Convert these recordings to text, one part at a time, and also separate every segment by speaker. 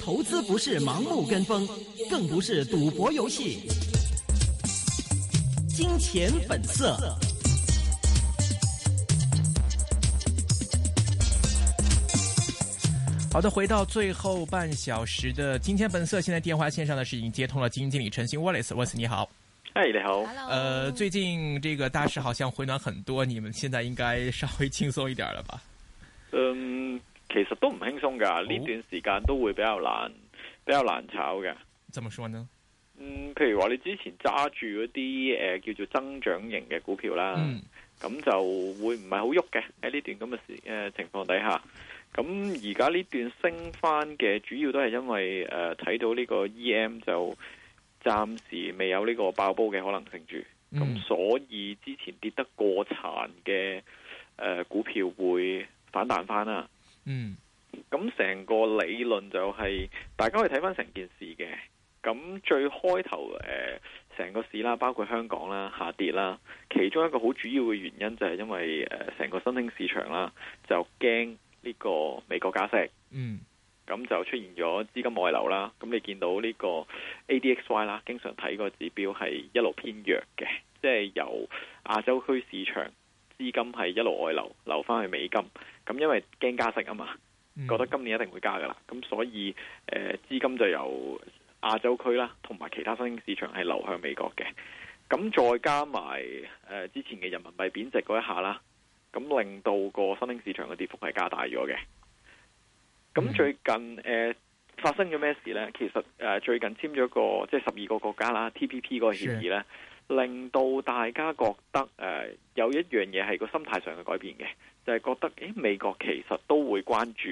Speaker 1: 投資不是盲目跟風，更不是賭博遊戲。金錢本
Speaker 2: 色。好的，回到最後半小時的《金錢本色》，現在電話線上呢，是已經接通了基金經理陳昕 Wallace，Wallace 你好。
Speaker 1: 嗨，你好。
Speaker 2: Hello。呃，最近這個大市好像回暖很多，你們現在應該稍微輕鬆一點了吧？
Speaker 1: 嗯，其實都唔輕鬆噶。呢段時間都會比較難，比較難炒嘅。
Speaker 2: 怎麼說呢？嗯、
Speaker 1: 譬如話你之前揸住嗰啲誒叫做增長型嘅股票啦，咁、嗯、就會唔係好喐嘅喺呢段咁嘅時誒、呃、情況底下。咁而家呢段升翻，嘅主要都係因為誒睇、呃、到呢個 EM 就暫時未有呢個爆煲嘅可能性住，咁、嗯、所以之前跌得過殘嘅誒、呃、股票會。反彈翻啦，嗯，咁成個理論就係、是、大家可以睇翻成件事嘅，咁最開頭誒，成、呃、個市啦，包括香港啦下跌啦，其中一個好主要嘅原因就係因為誒成、呃、個新興市場啦，就驚呢個美國加息，嗯，咁就出現咗資金外流啦，咁你見到呢個 ADXY 啦，經常睇個指標係一路偏弱嘅，即、就、係、是、由亞洲區市場。資金係一路外流，流翻去美金，咁因為驚加息啊嘛，覺得今年一定會加噶、呃、啦，咁所以誒資金就由亞洲區啦，同埋其他新興市場係流向美國嘅，咁再加埋誒、呃、之前嘅人民幣貶值嗰一下啦，咁令到個新興市場嘅跌幅係加大咗嘅。咁最近誒、嗯呃、發生咗咩事呢？其實誒、呃、最近簽咗個即係十二個國家啦，T P P 個協議咧。令到大家覺得、呃、有一樣嘢係個心態上嘅改變嘅，就係、是、覺得美國其實都會關注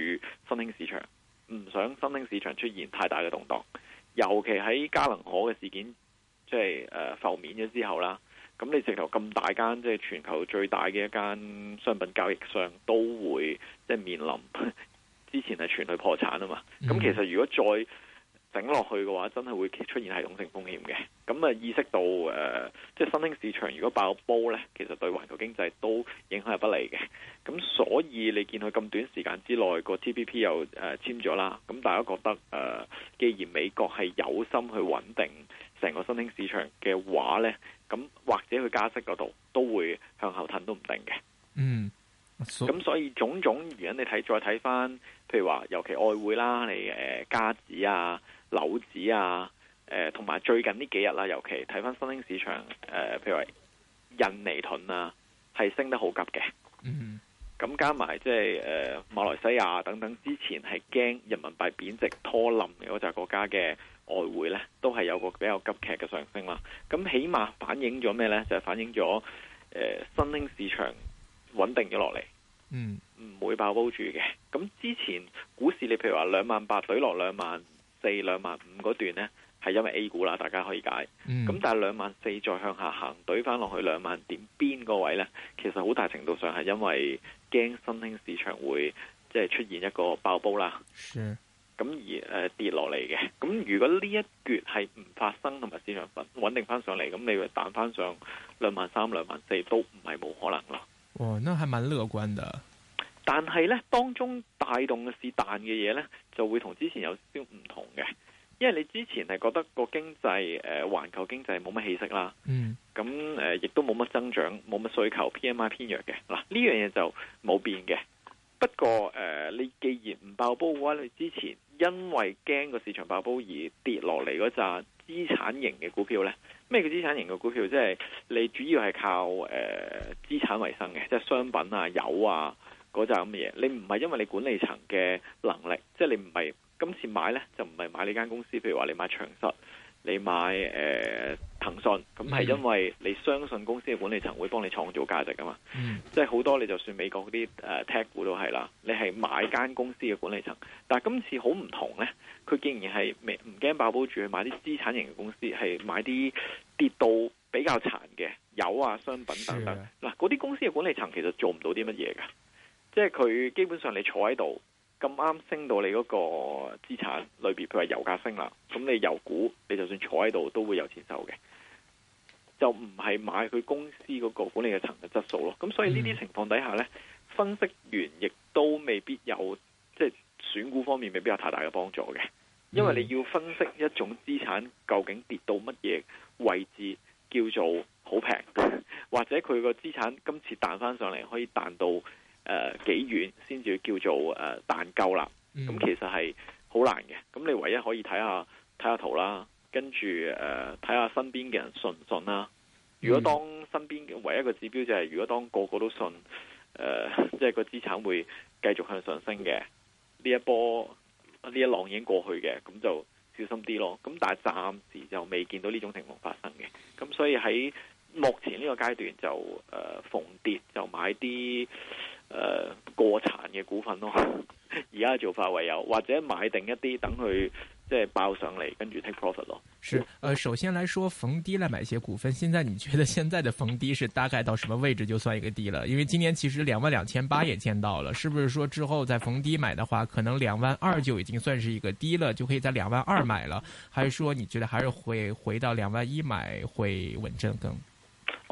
Speaker 1: 新興市場，唔想新興市場出現太大嘅動盪，尤其喺加能可嘅事件即係誒、呃、浮面咗之後啦，咁你直頭咁大間即係、就是、全球最大嘅一間商品交易商都會即係、就是、面臨之前係全去破產啊嘛，咁其實如果再整落去嘅話，真係會出現系統性風險嘅。咁啊，意識到誒、呃，即係新興市場如果爆煲咧，其實對環球經濟都影響係不利嘅。咁所以你見佢咁短時間之內個 TPP 又誒、呃、簽咗啦，咁大家覺得誒、呃，既然美國係有心去穩定成個新興市場嘅話咧，咁或者佢加息嗰度都會向後褪都唔定嘅。
Speaker 3: 嗯。咁
Speaker 1: 所以種種原因，你睇再睇翻，譬如話，尤其外匯啦，你誒、呃、加紙啊。樓指啊，同、呃、埋最近呢幾日啦、啊，尤其睇翻新興市場，呃、譬如話印尼盾啊，係升得好急嘅。嗯、mm-hmm. 就是，咁加埋即係誒馬來西亞等等，之前係驚人民幣貶值拖冧嘅嗰隻國家嘅外匯咧，都係有個比較急劇嘅上升啦。咁起碼反映咗咩咧？就係、反映咗、呃、新興市場穩定咗落嚟。嗯，唔會爆煲住嘅。咁之前股市你譬如話兩萬八，舉落兩萬四兩萬五嗰段呢，係因為 A 股啦，大家可以解。咁但係兩萬四再向下行，懟翻落去兩萬點邊個位呢？其實好大程度上係因為驚新興市場會即係出現一個爆煲啦。咁而跌落嚟嘅。咁如果呢一撅係唔發生，同埋市場穩穩定翻上嚟，咁你會彈翻上兩萬三、兩萬四都唔係冇可能囉。
Speaker 2: 哦，那係蠻樂觀的。
Speaker 1: 但係咧，當中帶動嘅是但嘅嘢咧，就會同之前有少少唔同嘅，因為你之前係覺得個經濟誒環球經濟冇乜氣息啦，嗯，咁誒亦都冇乜增長，冇乜需求，P M I 偏弱嘅嗱。呢、啊、樣嘢就冇變嘅。不過誒、呃，你既然唔爆煲嘅話，你之前因為驚個市場爆煲而跌落嚟嗰紮資產型嘅股票咧，咩叫資產型嘅股票？即、就、係、是、你主要係靠誒資、呃、產為生嘅，即係商品啊、油啊。嗰扎咁嘅嘢，你唔係因為你管理層嘅能力，即係你唔係今次買呢，就唔係買呢間公司。譬如話你買長實，你買誒、呃、騰訊，咁係因為你相信公司嘅管理層會幫你創造價值㗎嘛。即係好多你就算美國嗰啲誒 Tech 股都係啦，你係買間公司嘅管理層。但係今次好唔同呢，佢竟然係唔驚爆煲住去買啲資產型嘅公司，係買啲跌到比較殘嘅油啊、商品等等嗱。嗰啲公司嘅管理層其實做唔到啲乜嘢㗎。即係佢基本上你坐喺度咁啱升到你嗰個資產裏邊，譬如油價升啦，咁你油股你就算坐喺度都會有錢收嘅，就唔係買佢公司嗰個管理嘅層嘅質素咯。咁所以呢啲情況底下呢，分析員亦都未必有即係選股方面未必有太大嘅幫助嘅，因為你要分析一種資產究竟跌到乜嘢位置叫做好平，或者佢個資產今次彈翻上嚟可以彈到，誒、呃，幾遠先至叫做誒彈夠啦？咁、呃嗯、其實係好難嘅。咁你唯一可以睇下睇下圖啦，跟住誒睇下身邊嘅人信唔信啦、啊。如果當身邊唯一個指標就係、是、如果當個個都信，誒、呃，即、就、係、是、個資產會繼續向上升嘅。呢一波呢一浪已經過去嘅，咁就小心啲咯。咁但係暫時就未見到呢種情況發生嘅。咁所以喺目前呢個，階段就呃，逢跌就買啲呃，過殘嘅股份咯，而家做法唯有或者買定一啲等佢即係爆上嚟跟住 take profit
Speaker 2: 咯。是，呃首先來說，逢低來買些股份，現在你覺得現在的逢低是大概到什麼位置就算一個低了？因為今年其實兩萬兩千八也見到了，是不是說之後再逢低買的話，可能兩萬二就已經算是一個低了，就可以在兩萬二買了？還是說你覺得還是會回到兩萬一買會穩陣更？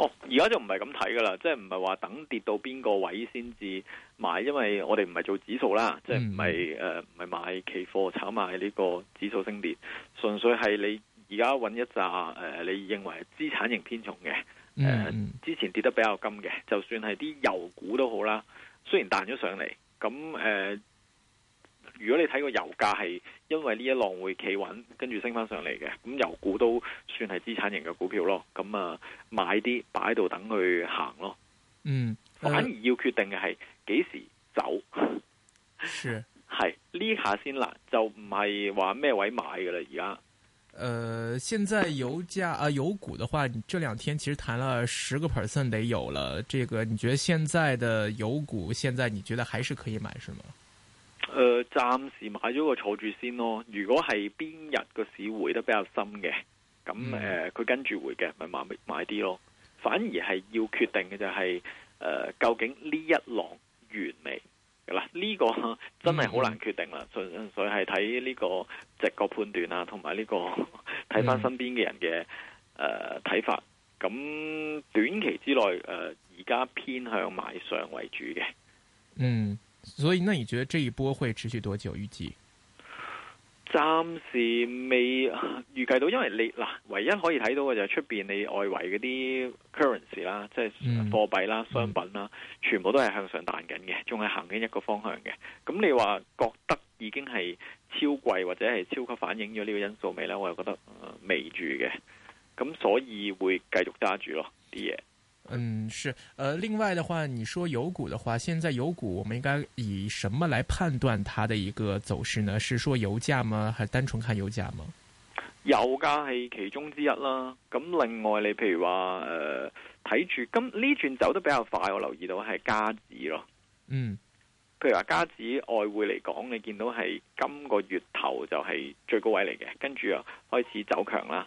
Speaker 1: 哦，而家就唔係咁睇噶啦，即係唔係話等跌到邊個位先至買，因為我哋唔係做指數啦，嗯、即係唔係誒唔係買期貨炒賣，呢個指數升跌，純粹係你而家搵一紮誒、呃，你認為資產型偏重嘅誒、呃嗯，之前跌得比較金嘅，就算係啲油股都好啦，雖然彈咗上嚟，咁誒。呃如果你睇個油價係因為呢一浪會企穩，跟住升翻上嚟嘅，咁油股都算係資產型嘅股票咯。咁啊，買啲擺度等佢行咯。嗯、呃，反而要決定嘅係幾時走。是，係呢下先啦，就唔係話咩位買㗎啦。而家，誒、
Speaker 2: 呃，現在油價啊油股嘅話，你這兩天其實談了十個 percent，得有了。這個，你覺得現在的油股，現在你覺得還是可以買，是嗎？
Speaker 1: 誒、呃，暫時買咗個坐住先咯。如果係邊日個市回得比較深嘅，咁誒，佢、嗯呃、跟住回嘅，咪買買啲咯。反而係要決定嘅就係、是、誒、呃，究竟呢一浪完未？嗱、啊、呢、這個真係好難決定啦。純粹係睇呢個直覺判斷啊，同埋呢個睇翻身邊嘅人嘅誒睇法。咁短期之內誒，而、呃、家偏向買上為主嘅。嗯。
Speaker 2: 所以，那你覺得這一波會持續多久預期？預計
Speaker 1: 暫時未、啊、預計到，因為你嗱、啊，唯一可以睇到嘅就係出邊你外圍嗰啲 currency 啦、嗯，即係貨幣啦、商品啦，嗯、全部都係向上彈緊嘅，仲係行緊一個方向嘅。咁你話覺得已經係超貴或者係超級反映咗呢個因素未咧？我又覺得未、呃、住嘅，咁所以會繼續揸住咯啲嘢。
Speaker 2: 嗯，是，呃，另外的話，你說油股的話，現在油股我們應該以什麼來判斷它的一個走勢呢？是說油價嗎？還是單純看油價嗎？
Speaker 1: 油價係其中之一啦，咁另外你譬如話，誒、呃，睇住，咁呢轉走得比較快，我留意到係加指咯，嗯，譬如話加指外匯嚟講，你見到係今個月頭就係最高位嚟嘅，跟住開始走強啦，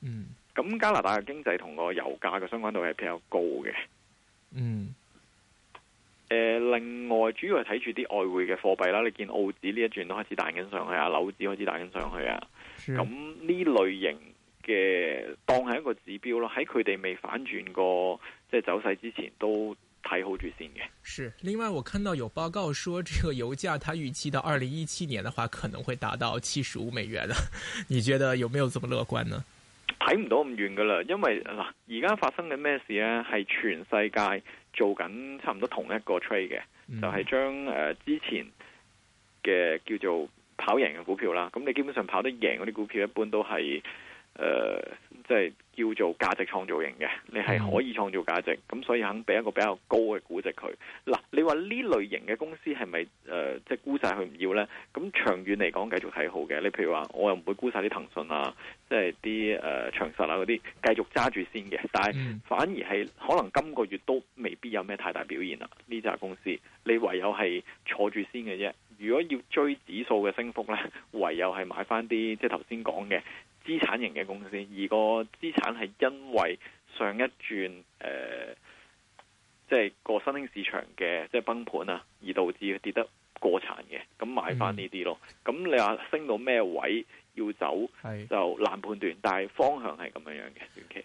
Speaker 1: 嗯。咁加拿大嘅經濟同個油價嘅相關度係比較高嘅。嗯。誒、呃，另外主要係睇住啲外匯嘅貨幣啦。你見澳紙呢一轉都開始彈緊上去啊，紐紙開始彈緊上去啊。
Speaker 3: 咁
Speaker 1: 呢類型嘅當係一個指標咯。喺佢哋未反轉過即係走勢之前，都睇好住先嘅。
Speaker 2: 是。另外，我看到有報告說，這個油價，它預期到二零一七年的話，可能會達到七十五美元。啊。 你覺得有沒有這麼樂觀呢？睇唔
Speaker 1: 到咁遠噶啦，因為嗱，而家發生緊咩事咧，係全世界做緊差唔多同一個 trade 嘅、嗯，就係、是、將誒、呃、之前嘅叫做跑贏嘅股票啦。咁你基本上跑得贏嗰啲股票，一般都係。誒、呃，即、就、係、是、叫做價值創造型嘅，你係可以創造價值咁，所以肯俾一個比較高嘅估值佢嗱。你話呢類型嘅公司係咪誒，即係沽晒佢唔要呢？咁長遠嚟講繼續睇好嘅。你譬如話，我又唔會沽晒啲騰訊啊，即係啲誒長實啊嗰啲繼續揸住先嘅。但係反而係可能今個月都未必有咩太大表現啦。呢隻公司你唯有係坐住先嘅啫。如果要追指數嘅升幅呢，唯有係買翻啲即係頭先講嘅。就是資產型嘅公司，而個資產係因為上一轉誒，即、呃、係、就是、個新興市場嘅即係崩盤啊，而導致佢跌得過殘嘅，咁買翻呢啲咯。咁、嗯、你話升到咩位要走，就難判斷。但係方向係咁樣樣嘅短期。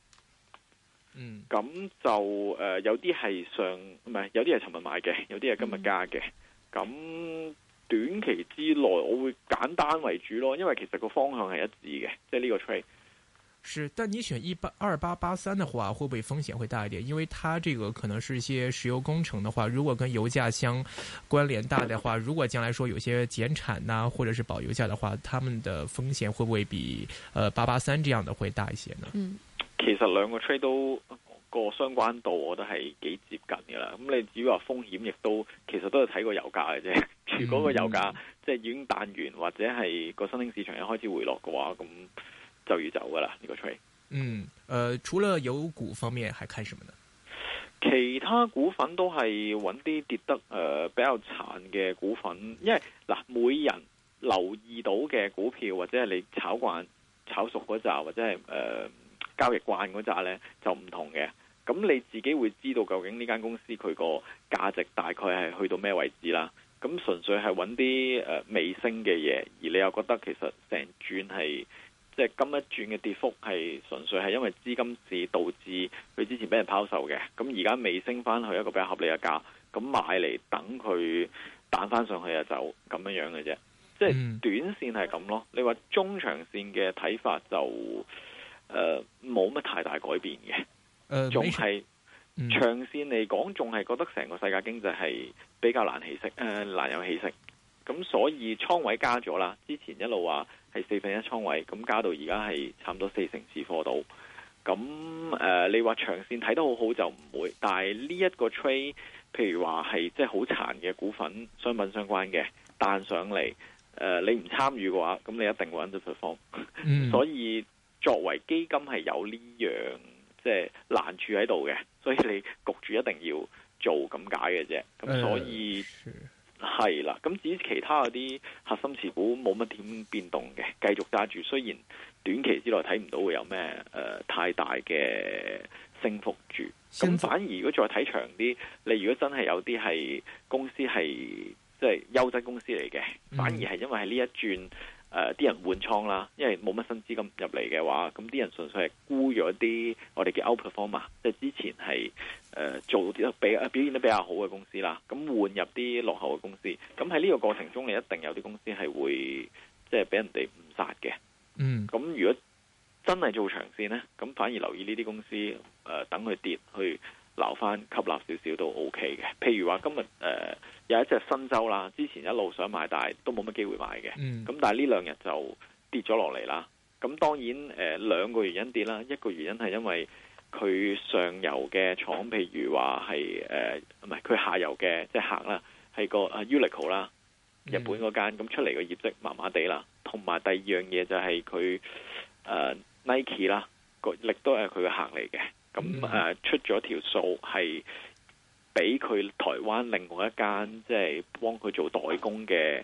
Speaker 1: 嗯，咁就誒有啲係上唔係，有啲係尋日買嘅，有啲係今日加嘅。咁、嗯、短期之內我會簡單為主咯，因為其實個方向係一致嘅，即係呢個 trade。
Speaker 2: 是，但你選一八二八八三的話，會不會風險會大一點？因為它這個可能是一些石油工程的話，如果跟油價相關聯大的話，如果將來說有些減產呐、啊，或者是保油價的話，他們的風險會不會比誒八八三這樣的會大一些呢？嗯。
Speaker 1: 其實兩個 trade 都個相關度，我覺得係幾接近噶啦。咁你至於話風險，亦都其實都係睇、嗯那個油價嘅啫。如果個油價即係已經彈完，或者係個新興市場一開始回落嘅話，咁就要走噶啦呢個 trade。嗯，誒、
Speaker 2: 呃，除咗有股方面，還看什麼呢？
Speaker 1: 其他股份都係揾啲跌得誒、呃、比較慘嘅股份，因為嗱，每人留意到嘅股票，或者係你炒慣、炒熟嗰扎，或者係誒。呃交易慣嗰紮呢，就唔同嘅，咁你自己會知道究竟呢間公司佢個價值大概係去到咩位置啦。咁純粹係揾啲誒未升嘅嘢，而你又覺得其實成轉係即係今一轉嘅跌幅係純粹係因為資金市導致佢之前俾人拋售嘅，咁而家未升翻去一個比較合理嘅價，咁買嚟等佢彈翻上去啊就咁樣樣嘅啫。即係短線係咁咯。你話中長線嘅睇法就？誒、呃，冇乜太大改變嘅，
Speaker 3: 仲、呃、係、
Speaker 1: 嗯、長線嚟講，仲係覺得成個世界經濟係比較難起色，誒、呃，難有起色。咁所以倉位加咗啦，之前一路話係四分一倉位，咁加到而家係差唔多四成至貨到。咁誒、呃，你話長線睇得好好就唔會，但係呢一個 trade，譬如話係即係好殘嘅股份、商品相關嘅彈上嚟，誒、呃，你唔參與嘅話，咁你一定搵到 perform、嗯。 所以。作為基金係有呢樣即係難處喺度嘅，所以你焗住一定要做咁解嘅啫。咁所以係啦。咁、嗯、至於其他嗰啲核心持股冇乜點變動嘅，繼續揸住。雖然短期之內睇唔到會有咩誒、呃、太大嘅升幅住，咁反而如果再睇長啲，你如果真係有啲係公司係即係優質公司嚟嘅，反而係因為係呢一轉。嗯誒、呃、啲人換倉啦，因為冇乜新資金入嚟嘅話，咁啲人純粹係沽咗啲我哋嘅 outperformer 啊，即係之前係誒、呃、做啲比表現得比較好嘅公司啦，咁換入啲落後嘅公司，咁喺呢個過程中你一定有啲公司係會即係俾人哋誤殺嘅。
Speaker 3: 嗯，咁
Speaker 1: 如果真係做長線咧，咁反而留意呢啲公司誒、呃，等佢跌去。留翻吸納少少都 O K 嘅，譬如話今日誒、呃、有一隻申洲啦，之前一路想買但係都冇乜機會買嘅，咁、嗯、但係呢兩日就跌咗落嚟啦。咁當然誒、呃、兩個原因跌啦，一個原因係因為佢上游嘅廠，譬如話係誒唔係佢下游嘅即係客啦，係個、uh, Uniqlo 啦，日本嗰間咁、嗯、出嚟嘅業績麻麻地啦，同埋第二樣嘢就係佢誒 Nike 啦，個力都係佢嘅客嚟嘅。咁出咗條數係俾佢台灣另外一間即係幫佢做代工嘅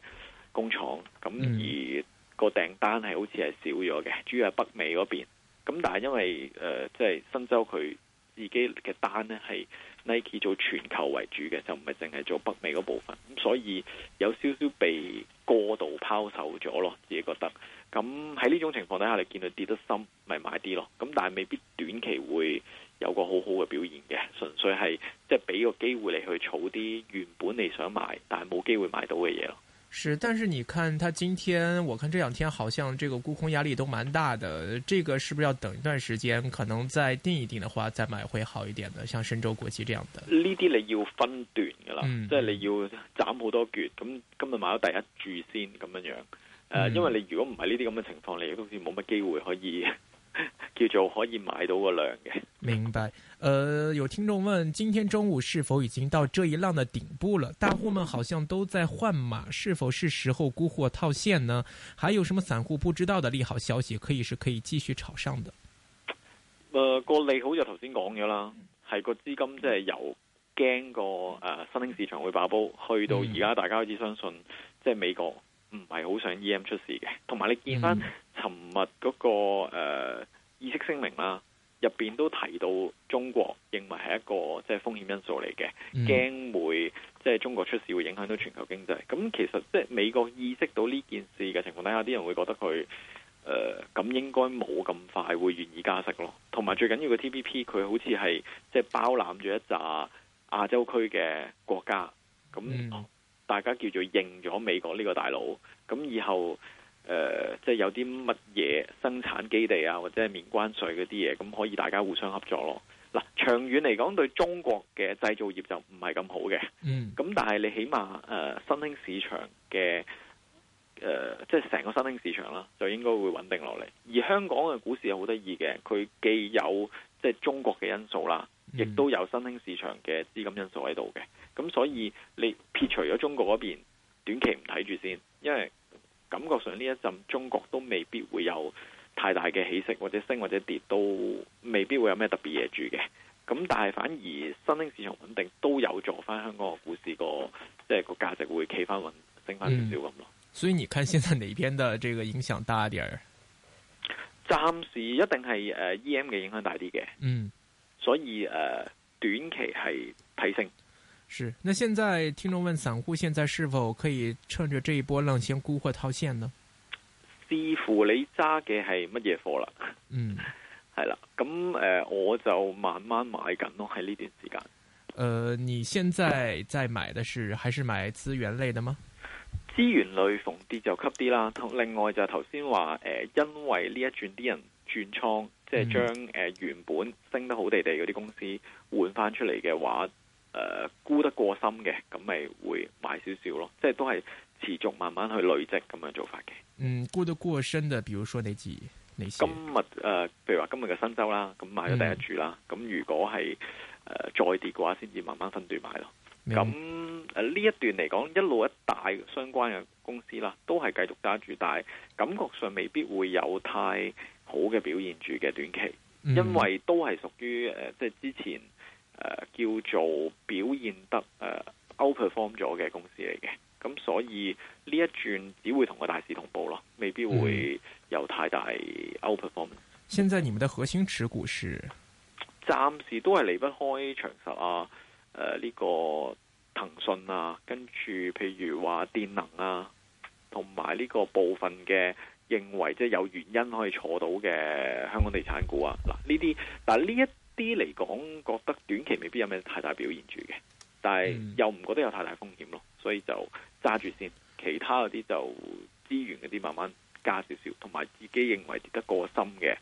Speaker 1: 工廠，咁而個訂單係好似係少咗嘅，主要係北美嗰邊。咁但係因為即係、呃就是、新洲佢自己嘅單咧係。Nike 做全球為主嘅，就唔係淨係做北美嗰部分，咁所以有少少被過度拋售咗咯，自己覺得。咁喺呢種情況底下，你見佢跌得深，咪買啲咯。咁但係未必短期會有個好好嘅表現嘅，純粹係即係俾個機會你去儲啲原本你想買但係冇機會買到嘅嘢咯。
Speaker 2: 是，但是你看，他今天，我看這兩天，好像這個沽空壓力都蠻大的，這個是不是要等一段時間，可能再定一定的話，再買會好一點的，像深州國際這樣的。
Speaker 1: 呢啲你要分段噶啦，嗯，即係你要斬好多橛，咁今日買咗第一注先咁樣樣，
Speaker 2: 誒，呃嗯，因為你
Speaker 1: 如果唔係呢啲咁嘅情況，你亦都好似冇乜機會可以。叫做可以買到個量嘅，
Speaker 2: 明白。誒、呃，有聽眾問：，今天中午是否已經到這一浪的頂部了？大戶們好像都在換碼，是否是時候沽貨套現呢？還有什麼散戶不知道的利好消息可以是可以繼續炒上的？
Speaker 1: 誒、呃，個利好就頭先講咗啦，係個資金即係由驚個誒新興市場會爆煲，去到而家大家開始相信，即係美國唔係好想 EM 出事嘅，同埋你見翻。嗯尋日嗰個、呃、議息聲明啦，入邊都提到中國認為係一個即係風險因素嚟嘅，驚會即係中國出事會影響到全球經濟。咁其實即係美國意識到呢件事嘅情況底下，啲人會覺得佢誒咁應該冇咁快會願意加息咯。同埋最緊要嘅 TPP，佢好似係即係包攬住一紮亞洲區嘅國家，咁、嗯、大家叫做認咗美國呢個大佬，咁以後。誒、呃，即係有啲乜嘢生產基地啊，或者係免關稅嗰啲嘢，咁可以大家互相合作咯。嗱，長遠嚟講對中國嘅製造業就唔係咁好嘅，咁、嗯、但係你起碼誒、呃、新興市場嘅誒、呃，即係成個新興市場啦，就應該會穩定落嚟。而香港嘅股市係好得意嘅，佢既有即係中國嘅因素啦，亦都有新興市場嘅資金因素喺度嘅，咁所以你撇除咗中國嗰邊，短期唔睇住先，因為。感覺上呢一陣中國都未必會有太大嘅起色，或者升或者跌都未必會有咩特別嘢住嘅。咁但係反而新興市場穩定都有助翻香港個股市個即係個價值會企翻穩升翻少少咁咯。
Speaker 2: 所以你看現在哪邊的這個影響大啲？
Speaker 1: 暫時一定係 EM 嘅影響大啲嘅。嗯。所以誒短期係提升。
Speaker 2: 是。那現在聽眾問，散戶現在是否可以趁着這一波浪先沽貨套現呢？視
Speaker 1: 乎你揸嘅係乜嘢貨啦。嗯，係啦。咁誒、呃，我就慢慢買緊咯。喺呢段時間，誒、
Speaker 2: 呃，你現在在買的是還是買資源類的嗎？
Speaker 1: 資源類逢跌就吸啲啦。同另外就頭先話，誒、呃，因為呢一轉啲人轉倉、嗯，即係將誒、呃、原本升得好地地嗰啲公司換翻出嚟嘅話。誒、呃，沽得過深嘅，咁咪會買少少咯，即係都係持續慢慢去累積咁樣做法嘅。
Speaker 2: 嗯，沽得過深嘅，比如說你自，你今
Speaker 1: 日誒、呃，譬如話今日嘅新周啦，咁買咗第一注啦，咁、嗯、如果係誒、呃、再跌嘅話，先至慢慢分段買咯。咁誒呢一段嚟講，一路一大相關嘅公司啦，都係繼續揸住大，但係感覺上未必會有太好嘅表現住嘅短期，
Speaker 3: 因為
Speaker 1: 都係屬於誒、呃，即係之前。呃、叫做表現得誒、呃、outperform 咗嘅公司嚟嘅，咁所以呢一轉只會同個大市同步咯，未必會有太大 outperform。
Speaker 2: 現在你們的核心持股是
Speaker 1: 暫時都係離不開長實啊，誒、呃、呢、呢個騰訊啊，跟住譬如話電能啊，同埋呢個部分嘅認為即係有原因可以坐到嘅香港地產股啊，嗱呢啲，但係呢一啲嚟講，覺得短期未必有咩太大表現住嘅，但係又唔覺得有太大風險咯，所以就揸住先。其他嗰啲就資源嗰啲慢慢加少少，同埋自己認為跌得過深嘅，誒、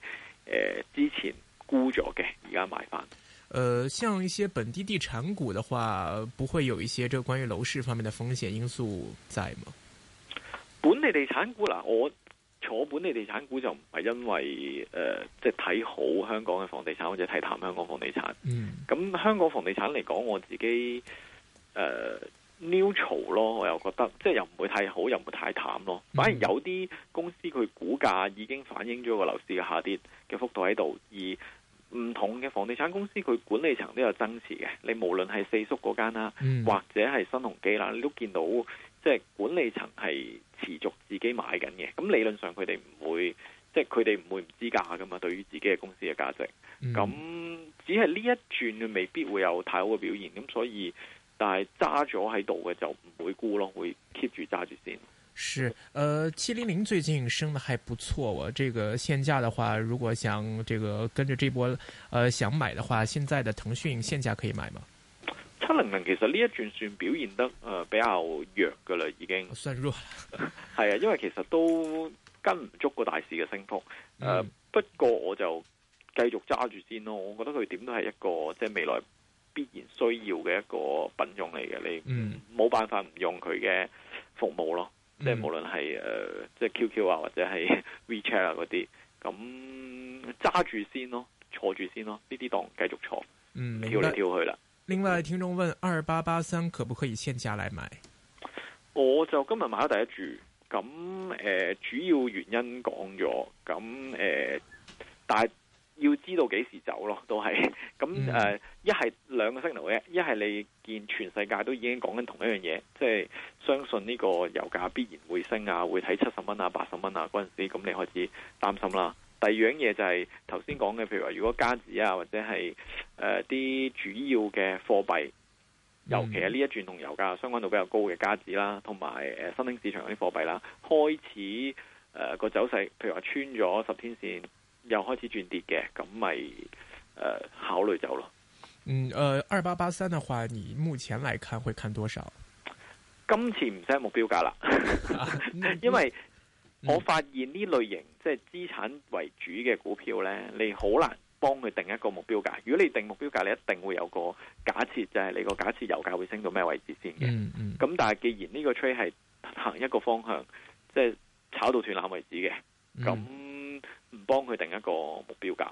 Speaker 1: 呃、之前沽咗嘅，而家
Speaker 2: 買翻。誒、呃，像一些本地地產股的話，不會有一些這關於樓市方面的風險因素在嗎？
Speaker 1: 本地地產股嗱，我。坐本地地產股就唔係因為誒，即係睇好香港嘅房地產，或者睇淡香港，mm. 香港房地產。咁香港房地產嚟講，我自己誒、呃、neutral 咯，我又覺得即係、就是、又唔會太好，又唔會太淡咯。Mm. 反而，有啲公司佢股價已經反映咗個樓市嘅下跌嘅幅度喺度，而唔同嘅房地產公司佢管理層都有增持嘅。你無論係四叔嗰間啦，mm. 或者係新鴻基啦，你都見到即係、就是、管理層係。持續自己買緊嘅，咁理論上佢哋唔會，即係佢哋唔會唔知價㗎嘛，對於自己嘅公司嘅價值。咁、嗯、只係呢一轉，未必會有太好嘅表現。咁所以，但係揸咗喺度嘅就唔會沽咯，會 keep 住揸住先。
Speaker 2: 是，誒、呃，七零零最近升得還不錯。我這個現價的話，如果想這個跟着這波，誒、呃、想買的話，現在的騰訊現價可以買嗎？
Speaker 1: 七零零其實呢一轉算表現得誒、呃、比較弱噶啦，已經，係 啊，因為其實都跟唔足個大市嘅升幅。誒、嗯呃，不過我就繼續揸住先咯。我覺得佢點都係一個即係、就是、未來必然需要嘅一個品種嚟嘅，你冇辦法唔用佢嘅服務咯。嗯、即係無論係誒即係 QQ 啊或者係 WeChat 啊嗰啲，咁揸住先咯，坐住先咯，呢啲當繼續坐，嗯，
Speaker 2: 跳嚟跳去啦。另外，聽眾問二八八三可不可以現價嚟買？
Speaker 1: 我就今日買咗第一注。咁誒、呃，主要原因講咗。咁誒、呃，但係要知道幾時走咯，都係。咁誒，一係兩個 signal，嘅，一係你見全世界都已經講緊同一樣嘢，即係相信呢個油價必然會升啊，會睇七十蚊啊、八十蚊啊嗰陣時，咁你開始擔心啦。第二樣嘢，就係頭先講嘅，譬如話如果加紙啊，或者係誒啲主要嘅貨幣，
Speaker 3: 尤其係
Speaker 1: 呢一轉同油價相關度比較高嘅加紙啦，同埋誒新興市場嗰啲貨幣啦，開始誒個、呃、走勢，譬如話穿咗十天線，又開始轉跌嘅，咁咪誒考慮走咯。
Speaker 2: 嗯，誒二八八三嘅話，你目前嚟看會看多少？
Speaker 1: 今次唔使目標價啦、 啊，因為。我發現呢類型即係資產為主嘅股票呢，你好難幫佢定一個目標價。如果你定目標價，你一定會有個假設，就係、是、你個假設油價會升到咩位置先嘅。咁、嗯嗯、但係既然呢個 trade 係行一個方向，即係炒到斷纜為止嘅，咁、嗯、唔幫佢定一個目標價，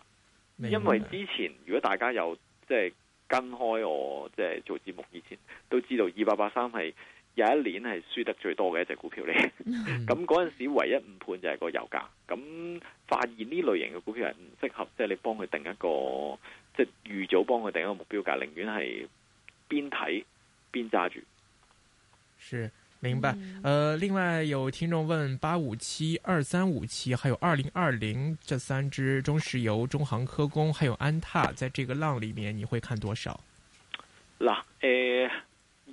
Speaker 1: 因為之前如果大家有即係跟開我即係做節目以前都知道二百八三係。有一年係輸得最多嘅一隻股票嚟，咁嗰陣時唯一誤判就係個油價，咁發現呢類型嘅股票係唔適合，即係你幫佢定一個，即係預早幫佢定一個目標價，寧願係邊睇邊揸住。
Speaker 2: 是，明白，誒、呃，另外有聽眾問八五七、二三五七，還有二零二零這三支中石油、中航科工，還有安踏，在這個浪裏面你會看多少？
Speaker 1: 嗱，誒、呃。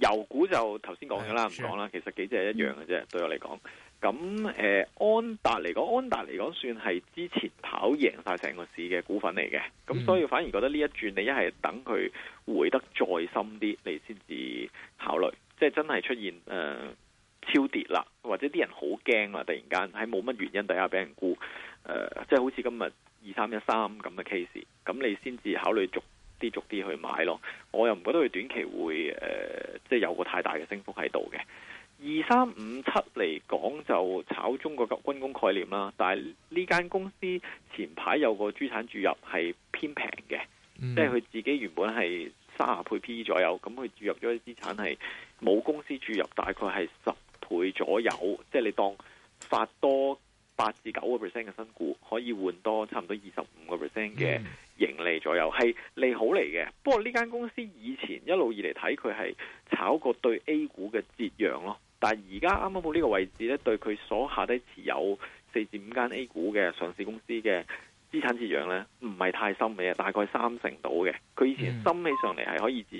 Speaker 1: 油股就頭先講咗啦，唔講啦。其實幾隻一樣嘅啫，嗯，對我嚟講。咁誒安達嚟講，安達嚟講算係之前跑贏晒成個市嘅股份嚟嘅。咁，嗯、所以反而覺得呢一轉，你一係等佢回得再深啲，你先至考慮。即係真係出現誒、呃、超跌啦，或者啲人好驚啦，突然間喺冇乜原因底下俾人沽，誒、呃，即係好似今日二三一三咁嘅 case，咁你先至考慮續，續。啲逐啲去買咯，我又唔覺得佢短期會誒、呃，即係有個太大嘅升幅喺度嘅。二三五七嚟講就炒中國嘅軍工概念啦，但係呢間公司前排有個資產注入係偏平嘅、嗯，即係佢自己原本係三十倍 PE 左右，咁佢注入咗啲資產係冇公司注入，大概係十倍左右，即係你當發多。八至九個 percent 嘅新股可以換多差唔多二十五個 percent 嘅盈利左右，係利好嚟嘅。不過呢間公司以前一路以嚟睇佢係炒過對 A 股嘅折讓咯，但係而家啱啱好呢個位置咧，對佢所下低持有四至五間 A 股嘅上市公司嘅資產折讓咧，唔係太深嘅，大概三成度嘅。佢以前深起上嚟係可以折讓。